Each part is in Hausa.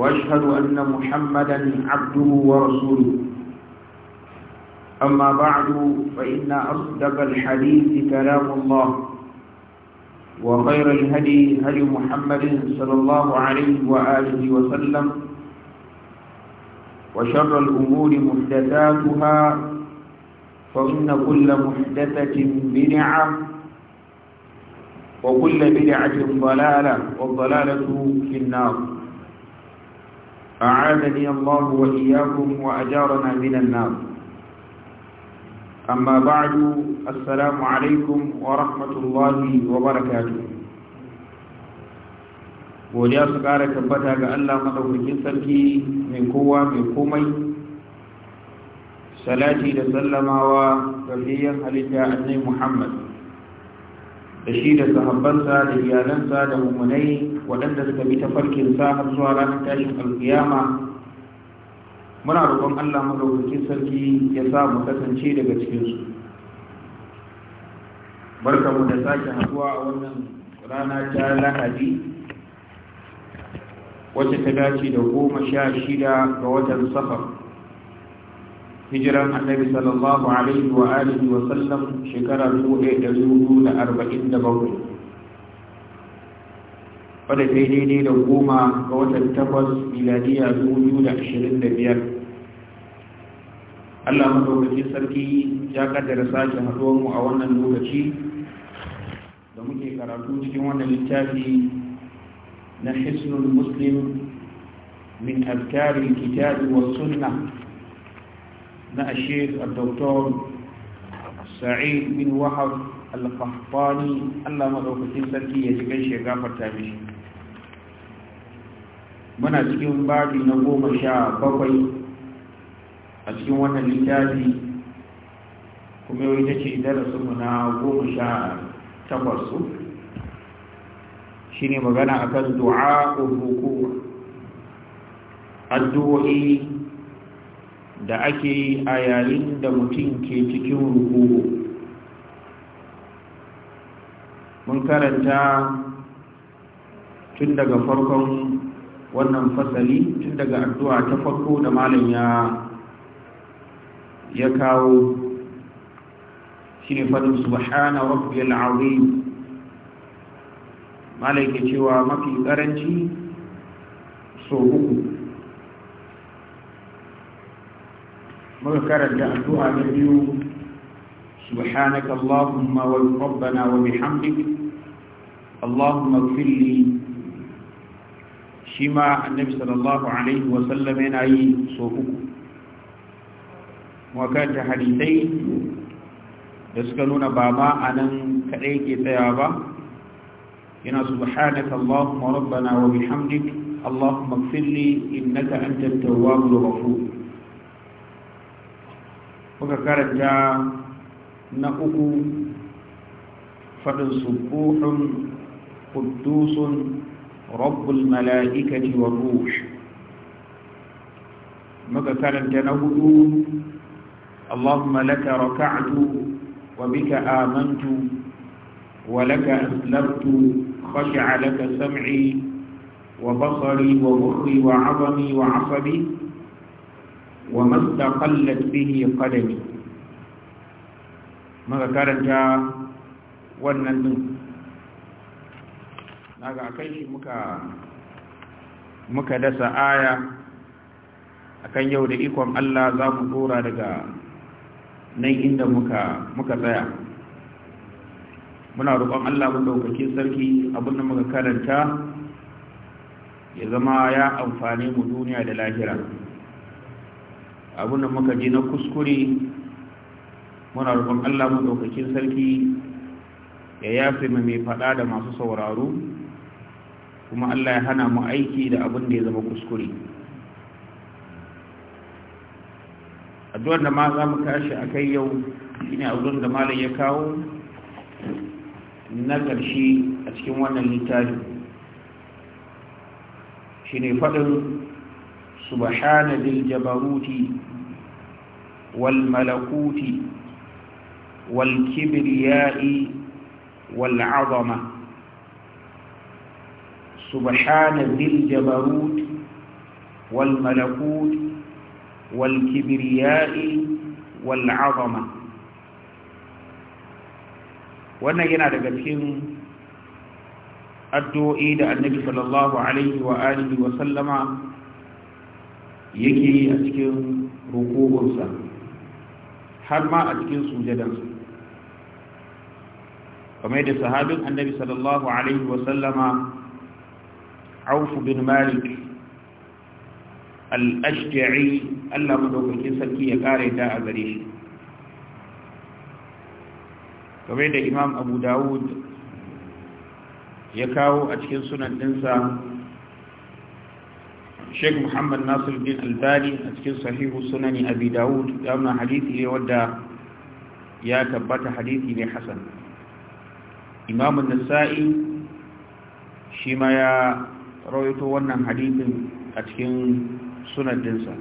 وأشهد أن محمدا عبده ورسوله أما بعد فإن أصدق الحديث كلام الله وخير الهدي هدي محمد صلى الله عليه وآله وسلم وشر الأمور محدثاتها فإن كل محدثة بدعة وكل بدعة ضلالة والضلالة في النار أعاذني الله وإياكم وأجارنا من النار أما بعد السلام عليكم ورحمة الله وبركاته ya su ƙara tabbata ga Allah maɗaukakin sarki mai kowa mai komai salati da sallamawa ga biyan halitta annai muhammad da shi da sahabbansa da iyalansa da mummunai waɗanda suka bi tafarkin sa har zuwa ranar tashin alkiyama muna roƙon Allah madaukakin sarki ya sa mu kasance daga cikinsu barka mu da sake haduwa a wannan rana ta lahadi wacce ta dace da goma sha shida ga watan safar hijiran annabi sallallahu alaihi wa alihi wa sallam shekara 1447 wadda ta ne daidai da goma ga watan takwas miladiya dubu da ashirin da biyar allah maɗaukacin sarki ya kaddara sake haɗuwar mu a wannan lokaci da muke karatu cikin wannan littafi na hisnul muslim min azkarin kitabi wa sunna na ashir al-doktor sa'id bin wahab alfahfani allah maɗaukacin sarki ya ji gaishe gafarta mishi muna cikin babi na goma sha bakwai a cikin wannan littafi kuma yau ita ce darasinmu na goma sha takwas shi ne magana a kan du'a ko addu'o'i da ake a yayin da mutum ke cikin rukuwa mun karanta tun daga farkon wannan fasali tun daga addu'a ta farko da malam ya ya kawo shi ne faɗin subhana rabbiyal azim malam ke cewa mafi karanci so uku muka karanta addu'a na biyu subhanaka allahumma wa rabbana wa bihamdik allahumma ighfir li shi ma annabi sallallahu alaihi wasallam yana yi so uku wakanta hadisai da suka nuna ba ma a nan kaɗai ke tsaya ba yana subhanaka allahumma rabbana wa bihamdik allahumma ighfir li innaka antat tawwabur ghafur kuka karanta na uku fadin subuhun quddusun رب الملائكة والروح مكثرا تنهد اللهم لك ركعت وبك آمنت ولك أسلمت خشع لك سمعي وبصري ومخي وعظمي وعصبي وما استقلت به قدمي ماذا كانت وننن daga akan shi muka muka dasa aya akan yau da ikon Allah za mu dora daga nan inda muka muka tsaya muna roƙon Allah mu dauke sarki abin da muka karanta ya zama ya amfane mu duniya da lahira abin da muka ji na kuskure muna roƙon Allah mu dauke sarki ya yafe mu mai faɗa da masu sauraro kuma Allah ya hana mu aiki da abin da ya zama kuskure addu'ar da ma za mu tashi a kai yau shine abin da malam ya kawo na ƙarshe a cikin wannan littafi shine faɗin subhana dil jabaruti wal malakuti wal kibriya'i wal azama سبحان ذي الجبروت والملكوت والكبرياء والعظمة wannan yana daga cikin addu'o'i da annabi sallallahu alaihi wa alihi wa sallama yake a cikin rukukunsa har ma a cikin sujadansa kamar da sahabin annabi sallallahu alaihi wa sallama auf bin malik al-ashja'i Allah madaukakin sarki ya kare ta a gare shi kamar da imam abu dawud ya kawo a cikin sunan sheikh muhammad nasir bin albani a cikin sahihu sunani abi dawud ya wuna hadithi wadda ya tabbata hadithi ne hasan imam nasa'i shi ma ya rawaito wannan hadithin a cikin sunadinsa.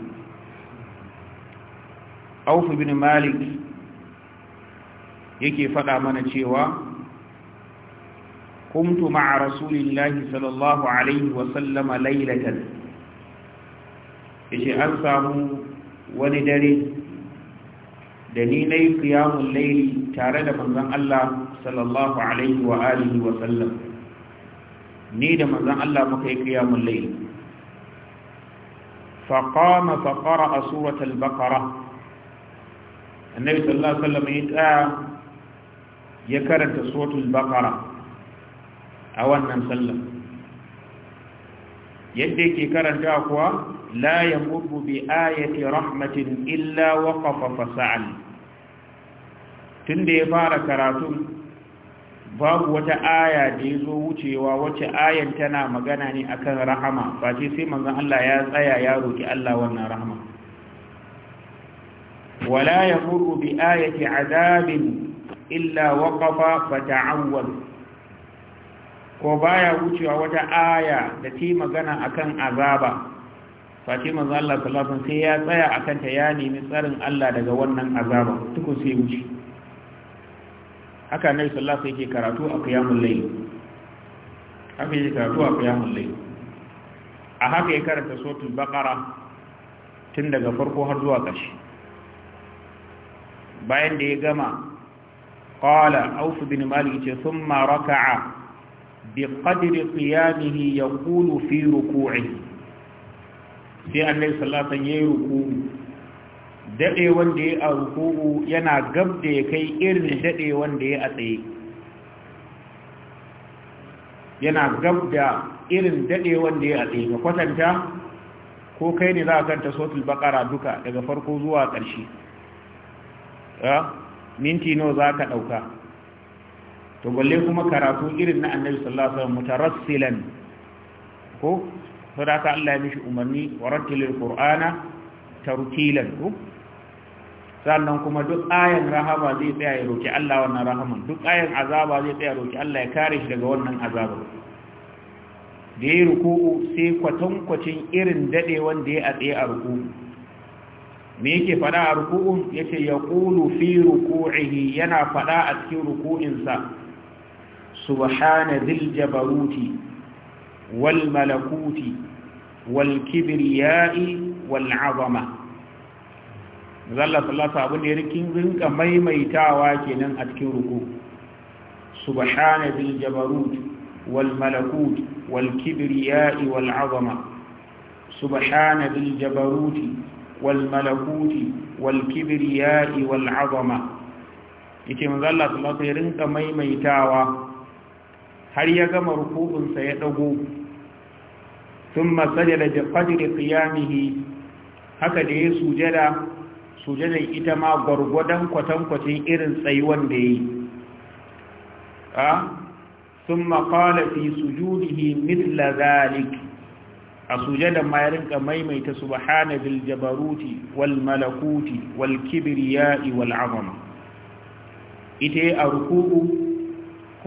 dinsa bin ibn malik yake faɗa mana cewa Kumtu ma'a rasulillahi sallallahu alaihi wa sallama lailatan yace an samu wani dare da ni na yi kiyamun layli tare da manzon Allah sallallahu alaihi wa alihi wa sallam ni da manzon Allah muka yi qiyamul layl fa qama fa qara'a suratul baqara annabi sallallahu alaihi wasallam ya tsaya ya karanta suratul baqara a wannan sallar yadda yake karanta kuwa la yamurru bi ayati rahmatin illa waqafa fasa'al tunda ya fara karatu babu wata aya da ya zo wucewa wacce ayan tana magana ne akan rahama face sai manzon Allah ya tsaya ya roki Allah wannan rahama wala yamuru bi ayati azabin illa waqafa fata'awwal ko baya wucewa wata aya da ke magana akan azaba face manzon Allah sallallahu alaihi wasallam sai ya tsaya akan ta ya nemi tsarin Allah daga wannan azaba tukun sai wuce haka annabi sallallahu alaihi yake karatu a qiyamul layl haka yake karatu a qiyamul layl a haka ya karanta sotun bakara tun daga farko har zuwa kashi bayan da ya gama kawala aufu bin malik ce thumma a bi qadri ya kulu fi ruku'ihi sai annabi sallallahu alaihi ya yi ruku'u daɗe wanda ya a yana gab da ya kai irin daɗe wanda ya a tsaye yana gab da irin daɗe wanda ya a tsaye ga kwatanta ko kai ne za a kanta sotul bakara duka daga farko zuwa ƙarshe minti nawa za ka ɗauka to balle kuma karatu irin na annabi sallallahu alaihi wasallam mutarassilan ko sadaka Allah ya mishi umarni wa rattilil qur'ana tartilan ko sannan kuma duk ayan rahama zai tsaya ya roki Allah wannan rahaman duk ayan azaba zai tsaya roki Allah ya kare shi daga wannan azaba da ya ruku'u sai kwatankwacin irin dade wanda ya tsaye a ruku'u me yake fada a ruku'u yace yaqulu fi ruku'ihi yana fada a cikin ruku'insa subhana dhil jabaruti wal malakuti wal kibriya'i wal 'azama zalla sallata abin da ya rikin rinka maimaitawa kenan a cikin ruku subhana bil jabarut wal malakut wal kibriya'i wal azama subhana bil jabarut wal malakut wal kibriya'i wal azama yace manzo Allah sallallahu ya rinka maimaitawa har ya gama rukunsa ya dago thumma sajada bi qadri qiyamihi haka da ya sujada sujadar ita ma gwargwadon kwatankwacin irin tsayuwan da yi a sun makala fi sujudihi mitla zalik a sujadar ma rinka maimaita subhana bil jabaruti wal malakuti wal kibriya'i wal azama ita a ruku'u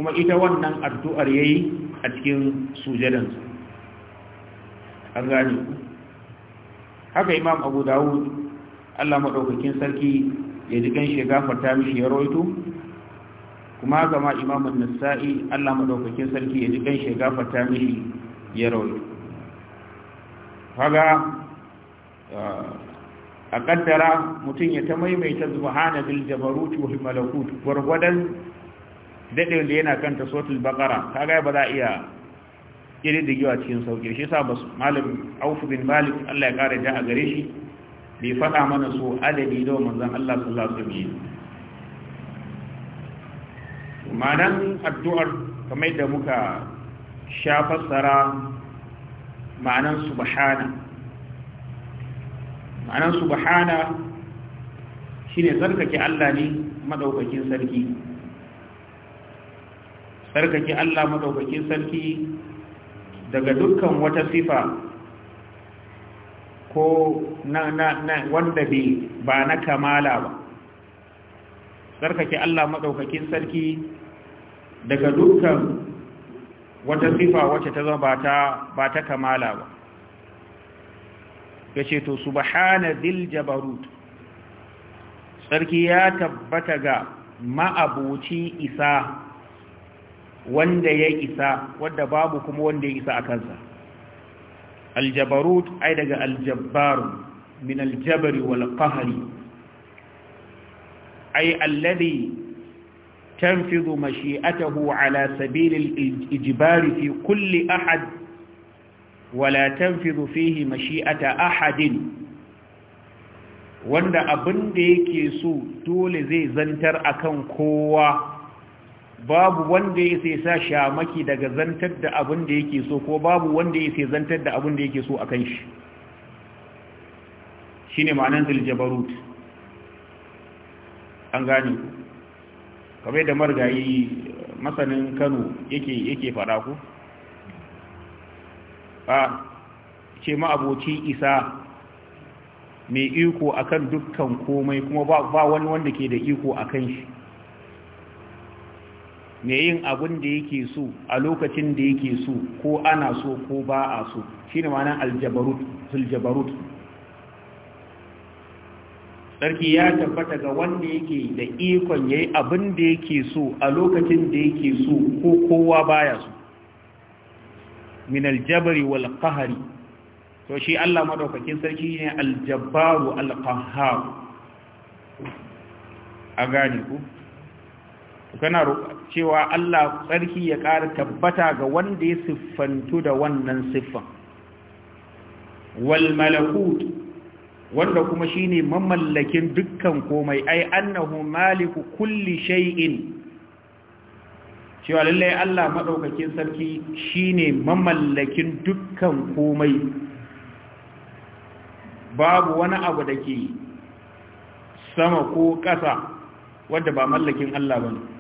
kuma ita wannan addu'ar yayi a cikin A. an gane haka imam abu dawud Allah madaukakin sarki ya ji gan shi gafarta mishi ya roito kuma Imam imamun nasa'i Allah madaukakin sarki ya ji gan shi gafarta mishi ya roito Faga a kaddara mutum ya ta maimaita subhana bil jabarut wal malakut gurgudan dade da yana kanta suratul baqara kaga ba za iya kiridigewa cikin sauki shi sa ba malam Auf bin Malik Allah ya kare ja a gare shi bai faɗa mana so adadi da manzon Allah sallallahu alaihi wasallam Manan addu'ar kamar da muka shafassara, fassara ma'anan subhana ma'anan subhana shine tsarkake Allah ne madaukakin sarki tsarkake Allah madaukakin sarki daga dukkan wata sifa ko na na na wanda bai ba na kamala ba sarkake Allah madaukakin sarki daga dukkan wata sifa wacce ta zama bata, bata kamala ba yace to subhana dil jabarut sarki ya tabbata ga ma'abuci isa wanda ya isa wadda babu kuma wanda ya isa a kansa aljabarut ai daga Aljabbar min aljabari wal qahri ai alladhi tanfidhu mashi'atahu ala sabil al-ijbari fi kulli ahad wala tanfidhu fihi mashi'ata ahadin wanda abin da yake so dole zai zantar akan kowa babu wanda ya sai sa shamaki daga zantar da abin da yake so ko babu wanda ya sai zantar da abin da yake so a kan shi shi ne ma'anar ziljabarut an gane ku kamar da margayi masanin kano yake fada ku a ce ma'aboci isa mai iko akan dukkan komai kuma ba wani wanda ke da iko akan shi mai yin abin da yake so a lokacin da yake so ko ana so ko ba a so shi ne ma'anar aljabarut sarki ya tabbata ga wanda yake da ikon ya yi abin da yake so a lokacin da yake so ko kowa baya so min aljabari wal kahari to shi Allah madaukakin sarki ne aljabaru al a gane ku kana roƙa cewa Allah tsarki ya ƙara tabbata ga wanda ya siffantu da wannan siffan Walmalakut, wanda kuma shi ne mamallakin dukkan komai ai annahu maliku kulli shay'in cewa lallai Allah maɗaukakin sarki shi ne mamallakin dukkan komai babu wani abu da ke sama ko ƙasa wadda ba mallakin Allah ba ne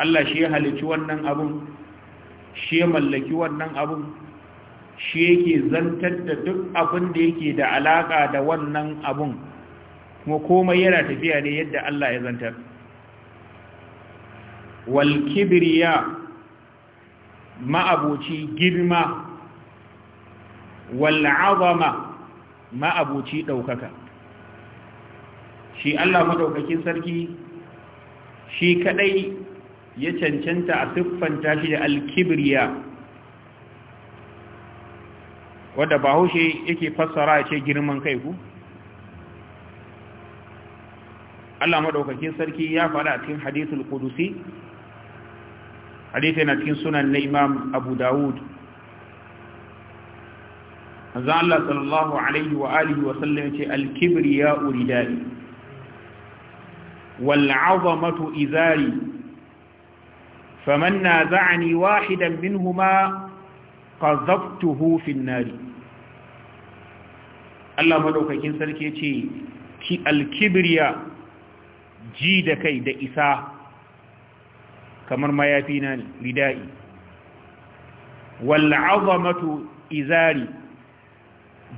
Allah shi ya halicci wannan abun shi ya mallaki wannan abun shi yake zantar da duk abin da yake da alaka da wannan abun kuma komai yana tafiya ne yadda Allah ya zantar wal kibriya ma'abuci girma wal azama ma'abuci daukaka shi Allah madaukakin sarki shi kadai ya cancanta a siffanta shi da alkibriya wadda bahaushe yake fassara ya ce girman kai ku Allah madaukakin sarki ya faɗa a cikin hadithul qudusi hadithai na cikin sunan na imam abu dawud azan Allah sallallahu alaihi wa alihi wa sallam ya ce alkibriya uridai والعظمة إزاري فمن نازعني واحدا منهما قذفته في النار الله مدوكاكين سركي يتي alkibriya ji da kai da isa kamar mayafi na rida'i wal azamatu izari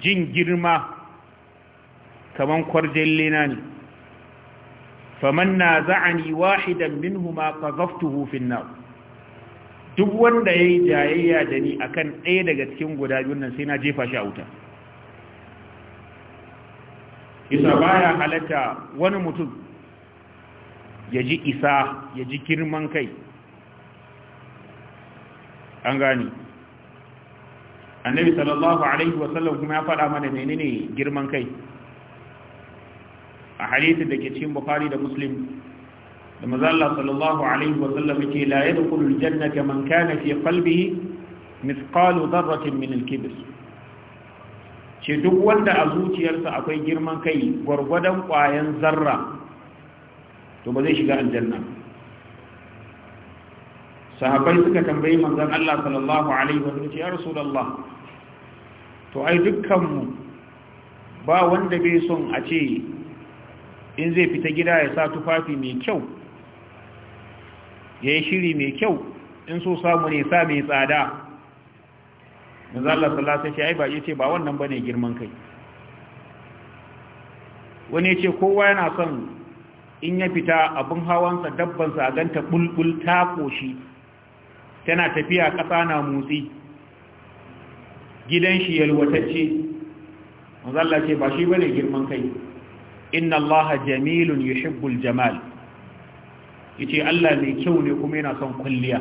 jin girma kamar kwarjalle na ne faman za'ani wahidan minhuma qadhaftuhu fin nar duk wanda yayi jayayya da ni akan ɗaya daga cikin guda biyun nan sai na jefa shi a wuta isa baya halatta wani mutum ya ji isa ya ji girman kai an gani annabi sallallahu alaihi wasallam kuma ya faɗa mana menene girman kai a hadisin da ke cikin bukhari da muslim da manzo Allah sallallahu alaihi wa sallam yake la yadkhulu aljannata man kana fi qalbihi mithqalu dharratin min alkibr ce duk wanda a zuciyarsa akwai girman kai gwargwadon kwayan zarra to ba zai shiga aljanna sahabbai suka tambayi manzon Allah sallallahu alaihi wa sallam ya rasulullah to ai dukkanmu ba wanda bai son a ce in zai fita gida ya sa tufafi mai kyau ya yi shiri mai kyau in so samu ne sa mai tsada manzala sallasa ce ai ba ya ce ba wannan ba ne girman kai wani ya ce kowa yana son in ya fita abin hawansa dabbansa a ganta bulbul ta koshi tana tafiya ƙasa na motsi gidan shi yalwatacce manzala ce ba shi ba ne girman kai inna allaha jamilun yuhibbul jamal yace Allah mai kyau ne kuma yana son kulliya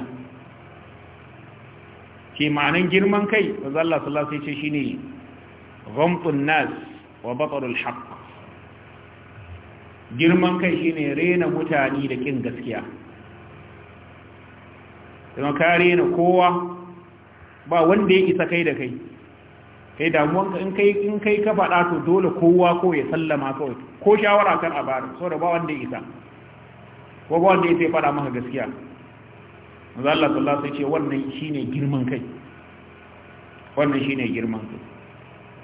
ke ma'anan girman kai manzo Allah sallallahu alaihi wasallam shine ghamtun nas wa batarul haqq girman kai shine rena mutane da kin gaskiya kuma kare rena kowa ba wanda ya isa kai da kai kai damuwanka in kai in kai ka faɗa to dole kowa ko ya sallama kawai ko shawara kan a bari saboda ba wanda ya isa ko ba wanda ya sai faɗa maka gaskiya manzo Allah sallallahu alaihi wasallam ce wannan shine girman kai wannan shine girman kai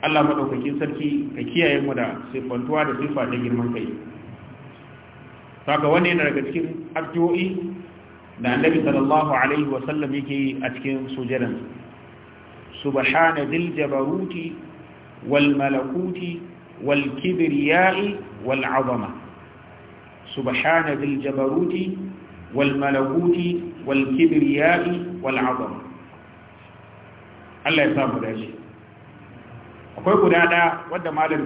Allah madaukakin sarki ka kiyaye mu da sifantuwa da sifa ta girman kai saka wannan yana daga cikin addu'o'i da Annabi sallallahu alaihi wasallam yake a cikin sujadan subhana dhil jabaruti wal malakuti wal kibriyai wal azama subhana dhil jabaruti wal malakuti wal wal Allah ya samu akwai guda ɗaya wadda malam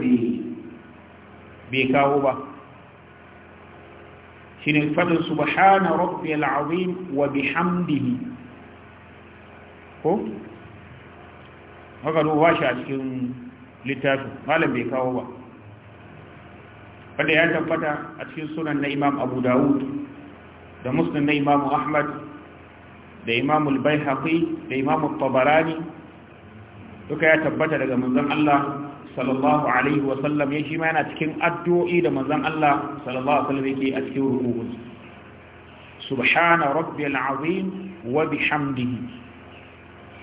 bai kawo ba shine fadin subhana rabbiyal azim wa bihamdihi ko haka ruwa shi a cikin littafi malam bai kawo ba wanda ya tabbata a cikin sunan na imam abu dawud da muslim na imam ahmad da imam al da imam al-tabarani duka ya tabbata daga manzon Allah sallallahu alaihi ya shi ma yana cikin addu'o'i da manzon Allah sallallahu alaihi wa yake a cikin ruku'u subhana rabbil azim wa bihamdihi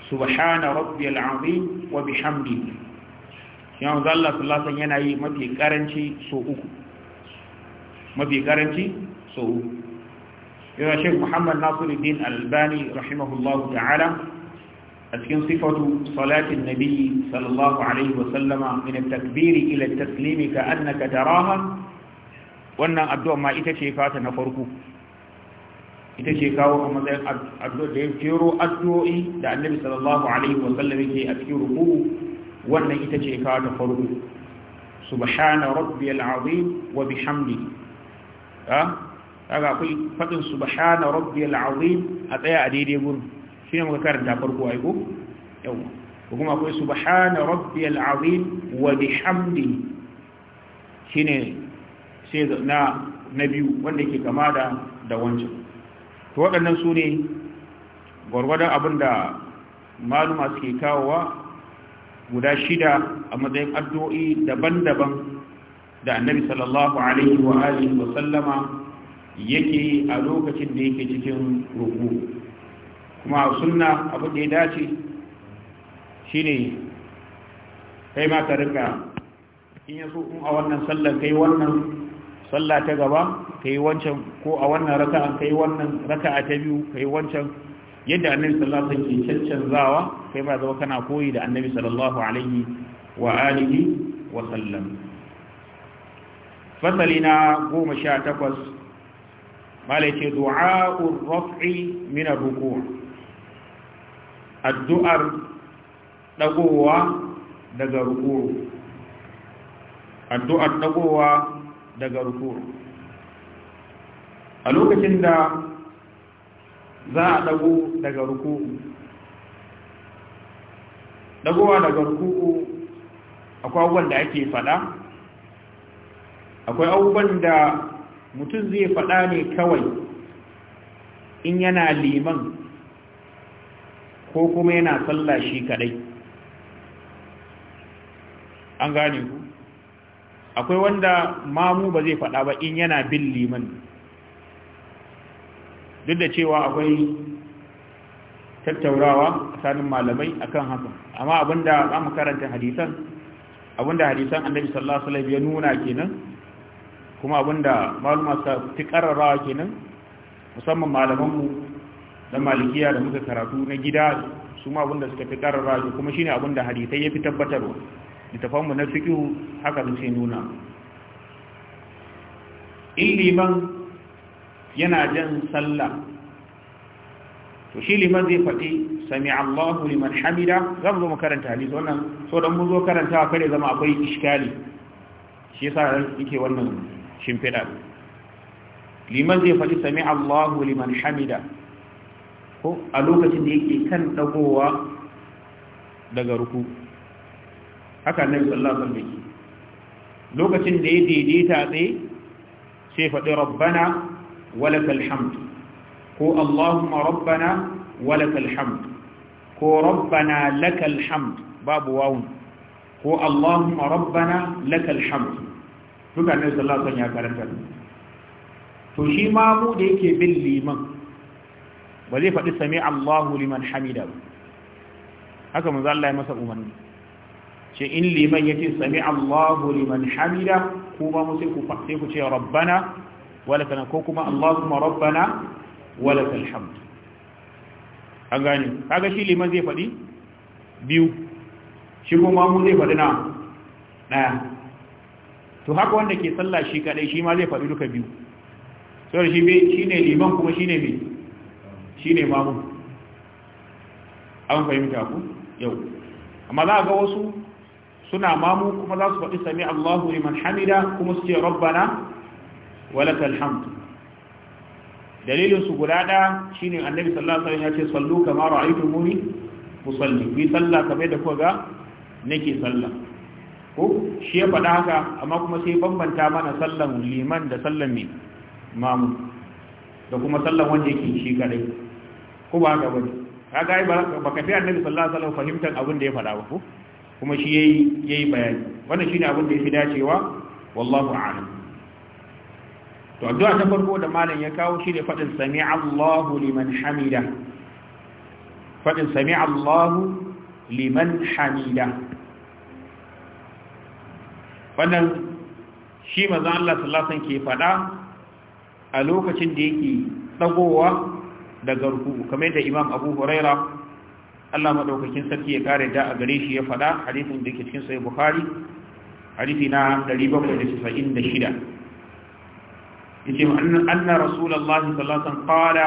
subhana rabbiyal azim wa bihamdi yawon zalla sallallahu yana yi mafi karanci so uku mafi karanci so uku yana shek muhammad nasiruddin albani rahimahullahu ta'ala a cikin sifatu salatin nabi sallallahu alaihi wa sallama min at-takbiri ila at-taslimi ka annaka taraha wannan addu'a ma ita ce fata na farko ita ce kawo a matsayin addu'a da ya kero addu'o'i da annabi sallallahu alaihi wa sallam yake a cikin ruku wannan ita ce kawo ta farko subhana rabbiyal azim wa bihamdi ha kaga akwai fadin subhana rabbiyal azim a tsaya a daidai gurin shine muka karanta farko ai ko yawa kuma akwai subhana rabbiyal azim wa bihamdi hamdi. sai na na biyu wanda ke kama da wancan to waɗannan su ne gwargwadon abin da maluma suke kawowa guda shida a matsayin addu'o'i daban-daban da annabi sallallahu alaihi wa alihi wa sallama yake a lokacin da yake cikin ruku kuma sunna abin da ya dace shine kai ma ka rika in yaso in a wannan sallar kai wannan sallah ta gaba ka yi wancan ko a wannan raka'an ka yi wannan raka'a ta biyu ka yi wancan yadda annabi sallallahu alaihi wasallam ke cancanzawa kai ba zama kana koyi da annabi sallallahu alaihi wa alihi wa sallam fasali na goma sha takwas malai ce du'a'ur raf'i min ar-ruku' addu'ar dagowa daga ruku' addu'ar dagowa daga ruku a lokacin da za a dago daga ruku dagowa daga ruku akwai abubuwan da ake fada akwai abubuwan da mutum zai fada ne kawai in yana liman ko kuma yana sallah shi kadai an gane ku akwai wanda mamu ba zai faɗa ba in yana bin liman duk da cewa akwai tattaurawa tsakanin malamai akan haka amma abinda za mu karanta hadisan abinda hadisan annabi sallallahu alaihi wasallam ya nuna kenan kuma abinda maluma sa fi kararrawa kenan musamman malaman mu da malikiya da muka karatu na gida su ma abinda suka fi kararrawa kuma shine abinda hadisai ya fi tabbatarwa littafanmu na fiƙihu haka muke nuna in man yana jan sallah to shi liman zai faɗi sami allahu liman hamida za mu zo makaranta hadisi wannan so don mu zo karantawa kare zama akwai iskali shi yasa yake wannan shimfiɗa liman zai faɗi sami allahu liman hamida ko a lokacin da yake kan ɗagowa daga ruku haka annabi sallallahu alaihi lokacin da ya daidaita tsaye sai faɗi rabbana walakal hamd ko allahumma rabbana walakal hamd ko rabbana lakal hamd babu wawun ko allahumma rabbana lakal hamd duka annabi sallallahu alaihi ya karanta to shi ma mu da yake bin liman ba zai faɗi sami Allahu liman hamida ba haka manzo Allah ya masa umarni ce in liman yake sami Allahu liman hamida kuma mu sai ku sai ku ce rabbana wala kana ko kuma Allahumma rabbana wala kal hamd an gani kaga shi liman zai faɗi biyu shi kuma mu zai faɗi na ɗaya to haka wanda ke sallah shi kadai shi ma zai faɗi duka biyu sau da shi ne liman kuma shi ne mai shi ne mamu an fahimta ku yau amma za a ga wasu suna mamu kuma za su faɗi sami Allahu liman hamida kuma su ce rabbana walakal alhamdu dalilin su guda ɗaya shine annabi sallallahu alaihi wasallam ya ce sallu kama muni musalli. bi sallah kamar da kuka ga nake sallah ko shi ya faɗa haka amma kuma sai bambanta mana sallan liman da sallan mai mamu da kuma sallan wanda yake shi kadai ko ba haka bane kaga ba ka fi annabi sallallahu alaihi wasallam fahimtar abin da ya faɗa ba ko kuma shi ya yi bayani wannan shine abin da fi dacewa wallahu a'lam to addu'a ta farko da malam ya kawo ne faɗin sami Allahu liman hamida Faɗin sami Allahu liman hamida wannan shi manzon Allah sallallahu ke faɗa a lokacin da yake ɗagowa daga ruku kamar da Imam Abu Huraira Allah madaukakin sarki ya kare da a gare shi ya faɗa hadisin da ke cikin sahih Bukhari hadisi na 796 yace anna rasulullah sallallahu alaihi wasallam qala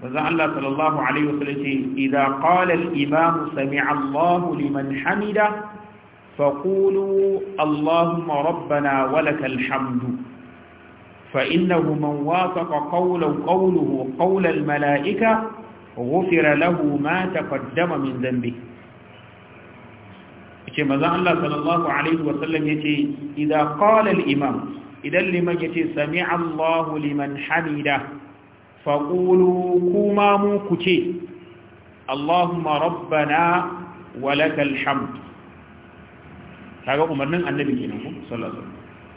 bazan Allah sallallahu alaihi wasallam yace idza qala al-imam sami'a Allah liman hamida faqulu Allahumma rabbana walakal hamdu فإنه من وافق قوله قوله قول mala'ika. ghufira lahu ma taqaddama min dhanbi yace manzon Allah sallallahu alaihi wa sallam yace idza qala al-imam idan liman yace sami'a Allah liman hamida faqulu kuma mu kuce Allahumma rabbana wa lakal hamd kaga umarnin annabi kenan ku sallallahu alaihi wa sallam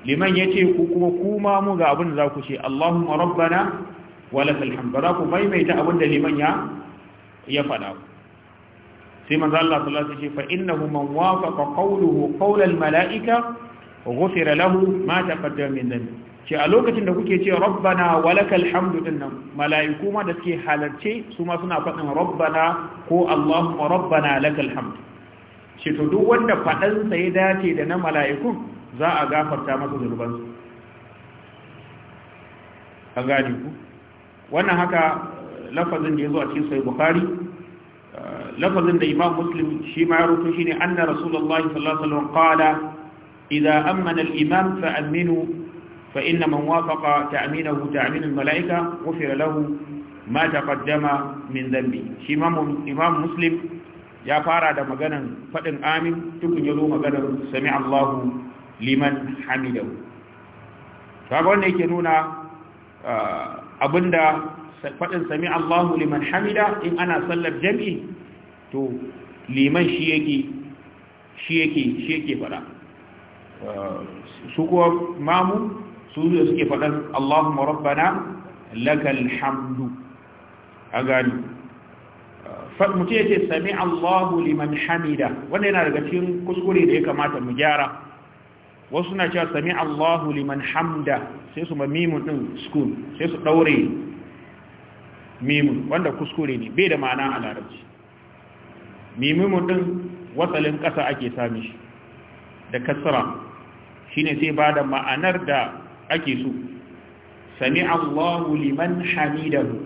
liman yace ku kuma kuma mu ga abin da za ku ce Allahumma rabbana wala ba za ku maimaita abin da liman ya ya faɗa sai manzo Allah sallallahu alaihi wasallam fa innahu man wafaqa qawluhu ghufira lahu ma taqaddama min dhanbi ce a lokacin da kuke ce rabbana walakal hamdu dinnan mala'iku ma da suke halarce su ma suna faɗin rabbana ko allahumma rabbana lakal hamdu ce to duk wanda faɗan sa ya dace da na mala'ikun za a gafarta masa zunubansu A gane ku wannan haka lafazin da ya zo a cikin sahih bukhari uh, lafazin da imam muslim shi ma ya rubuto shine anna rasulullahi sallallahu alaihi wasallam qala idza amana al-imam fa aminu fa inna man wafaqa ta'minahu ta'min al-mala'ika ghufira lahu ma taqaddama min dhanbi shi imam imam muslim ya fara da maganan fadin amin tukun yazo maganar sami Allahu liman hamidahu kaga wannan yake nuna uh, abinda faɗin sami Allahu liman hamida in ana sallar jami'i to liman shi yake shi yake shi yake faɗa su kuwa mamu su da suke faɗan Allahumma rabbana lakal hamdu a gani mutum ya ce sami Allahu liman hamida wanda yana daga cikin kuskure da ya kamata mu gyara wasu na cewa sami Allahu liman hamda sai su ma mimun ɗin sukun sai su ɗaure mimun wanda kuskure ne bai da ma'ana a larabci mimun ɗin watsalin ƙasa ake sami shi da shi shine sai ba da ma'anar da ake so sami Allahu liman hamidahu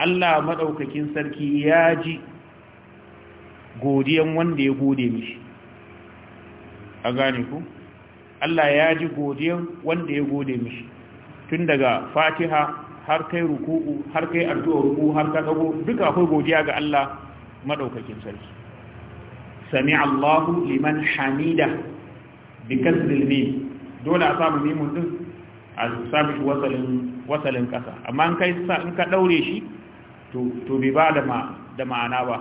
Allah maɗaukakin sarki ya ji godiyan wanda ya gode mishi a gane ku Allah ya ji godiyar wanda ya gode mishi tun daga fatiha har kai ruku'u har kai addu'a ruku har ka dago duka akwai godiya ga Allah madaukakin sarki sami Allahu liman hamida bi kasril mim dole a samu mimun din a sami wasalin wasalin kasa amma in kai in ka daure shi to to bai ba da ma da ma'ana ba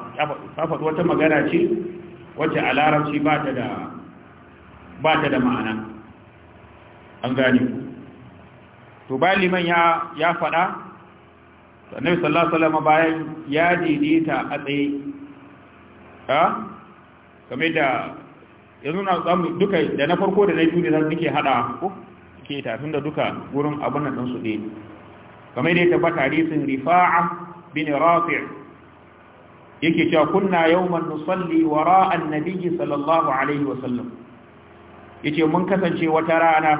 ta wata magana ce wacce a larabci ba ta da ba ta da ma'ana an gani ku to ba liman ya ya faɗa annabi sallallahu alaihi wasallam bayan ya daidaita a tsaye ha kamar da yanzu na zamu duka da na farko da na biyu ne zan nake hada ko ke tafin da duka gurin abin nan su ne kamar da ya tabbata hadisin rifa'a bin rafi' yake cewa kunna yawman nusalli wara'a an-nabi sallallahu alaihi wasallam yace mun kasance wata rana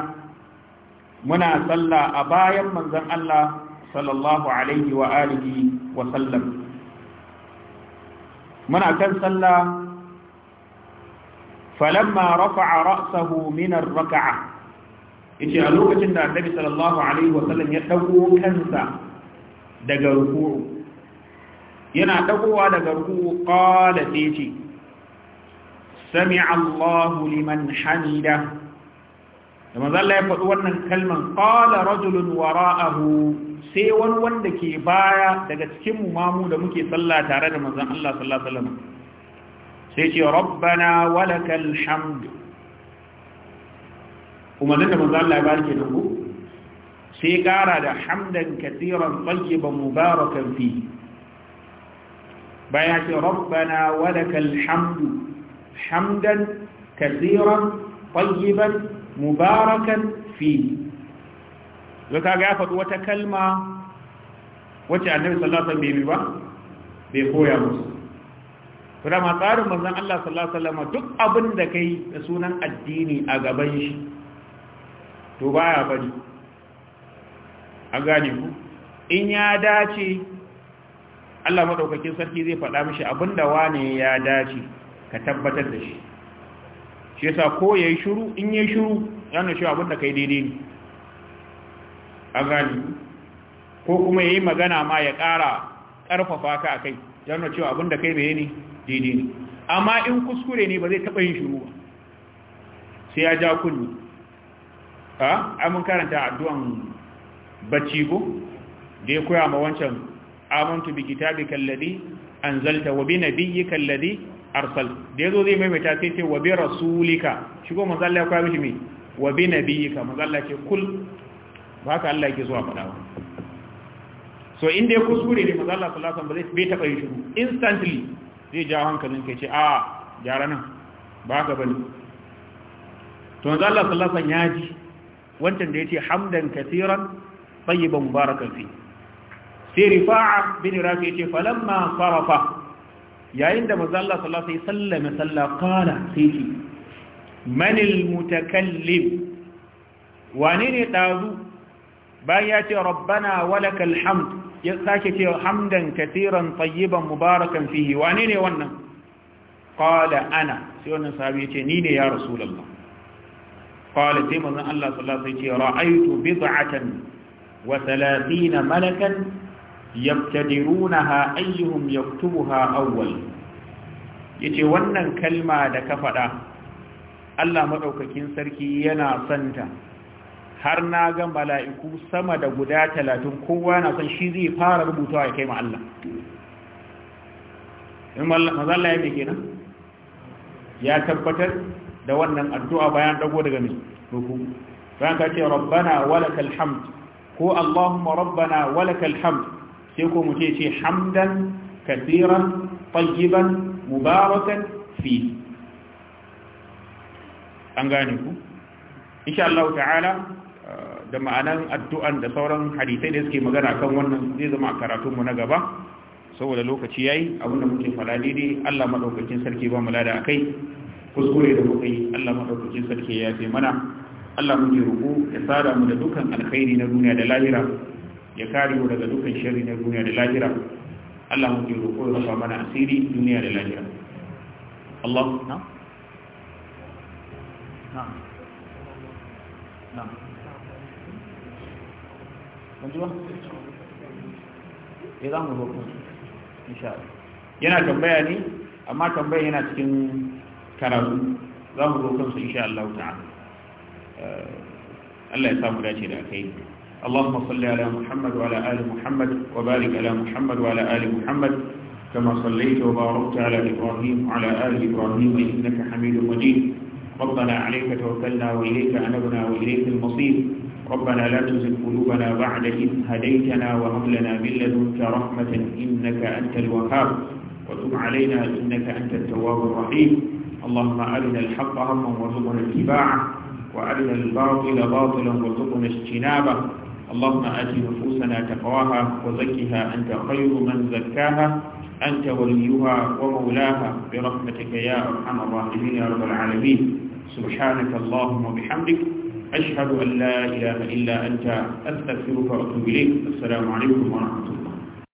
muna sallah a bayan manzon Allah sallallahu alaihi wa alihi wa sallam muna kan sallah falamma rafa'a ra'sahu min ar-rak'a yace a lokacin da Annabi sallallahu alaihi wa sallam ya dago kansa daga ruku'u yana dagowa daga ruku'u qala sai ce sami'a Allahu liman hamida da manzo Allah ya faɗi wannan kalman qala rajulun wara'ahu sai wani wanda ke baya daga cikin mu mamu da muke sallah tare da manzon Allah sallallahu alaihi wasallam sai ce rabbana walakal hamd kuma nan da manzo Allah ya barke ku sai kara da hamdan katiran tayyiban mubarakan fi ce rabbana walakal حمدا كثيرا طيبا مباركا فيه zaka ga ya faɗi wata kalma wacce annabi sallallahu alaihi wasallam bai ba bai koya musu kuma ma tsarin manzon Allah sallallahu alaihi wasallam duk abin da yi da sunan addini a gaban shi to baya bari A gane ku in ya dace Allah maɗaukakin sarki zai faɗa mishi abinda wane ya dace ka tabbatar da shi shi yasa ko yayi shiru in yayi shiru yana cewa abin kai daidai ne a gani ko kuma yayi magana ma ya ƙara ƙarfafa ka akai yana cewa abin kai bai ne daidai ne amma in kuskure ne ba zai taɓa yin shiru ba sai ya ja kunni a amin karanta addu'an bacci ko da ya koya ma wancan amantu bi kitabika alladhi anzalta wa bi nabiyyika alladhi arsal da yazo zai maimaita sai ce wa bi rasulika shi ko manzo Allah ya kawo mishi wa bi nabiyika manzo Allah ce kul ba ka Allah yake zuwa fada so in dai kuskure ne manzo Allah sallallahu alaihi wasallam bai taba yi shiru instantly zai ja hankalin kai ce a jara nan ba ka bane to manzo Allah sallallahu alaihi wasallam ya ji wancan da yace hamdan katiran tayyiban mubarakan fi sai rifa'a bin rafi yace falamma sarafa yayin da manzo Allah sallallahu alaihi wasallam salla qala sai ce manil mutakallim wane ne dazu bayan ya ce rabbana walakal hamd ya sake ce hamdan katiran tayyiban mubarakan fihi wane ne wannan qala ana sai wannan sahabi ya ce ni ne ya rasulullah qala sai manzo Allah sallallahu alaihi wasallam ya ce ra'aytu bid'atan wa 30 malakan yabtadirunaha ayyuhum yaktubuha awwal yace wannan kalma da ka faɗa Allah madaukakin sarki yana santa har na ga mala'iku sama da guda talatin kowa na san shi zai fara rubutawa ya kai ma Allah maza mazalla ya mai kenan ya tabbatar da wannan addu'a bayan dago daga mai ruku bayan ka ce rabbana walakal hamd ko allahumma rabbana walakal hamd sai ko mu ce ce hamdan kasiran tayyiban mubarakan fi an gane ku insha Allah ta'ala da ma'anan addu'an da sauran hadisai da suke magana kan wannan zai zama a mu na gaba saboda lokaci yayi abinda muke fara daidai Allah madaukakin sarki ba mu lada akai kuskure da muka yi Allah madaukakin sarki ya yafe mana Allah muke ruku ya sada mu da dukan alkhairi na duniya da lahira ya kare mu daga dukkan sharri na duniya da lahira Allah mu jiro ko rafa mana asiri duniya da lahira Allah na na na Manjuwa? Ya eh, za mu roƙo insha Allah. Yana tambaya ne, amma tambayar yana cikin karatu, za mu roƙo kansu insha Allah ta'ala. Eh, Allah ya samu dace da kai. اللهم صل على محمد وعلى آل محمد وبارك على محمد وعلى آل محمد كما صليت وباركت على إبراهيم وعلى آل إبراهيم إنك حميد مجيد ربنا عليك توكلنا وإليك أنبنا وإليك المصير ربنا لا تزغ قلوبنا بعد إذ هديتنا وهب لنا من لدنك رحمة إنك أنت الوهاب وتب علينا إنك أنت التواب الرحيم اللهم أرنا الحق هما وارزقنا اتباعه وأرنا الباطل باطلا وارزقنا اجتنابه اللهم آت نفوسنا تقواها وزكها أنت خير من زكاها أنت وليها ومولاها برحمتك يا أرحم الراحمين يا رب العالمين سبحانك اللهم وبحمدك أشهد أن لا إله إلا أنت أستغفرك وأتوب إليك السلام عليكم ورحمة الله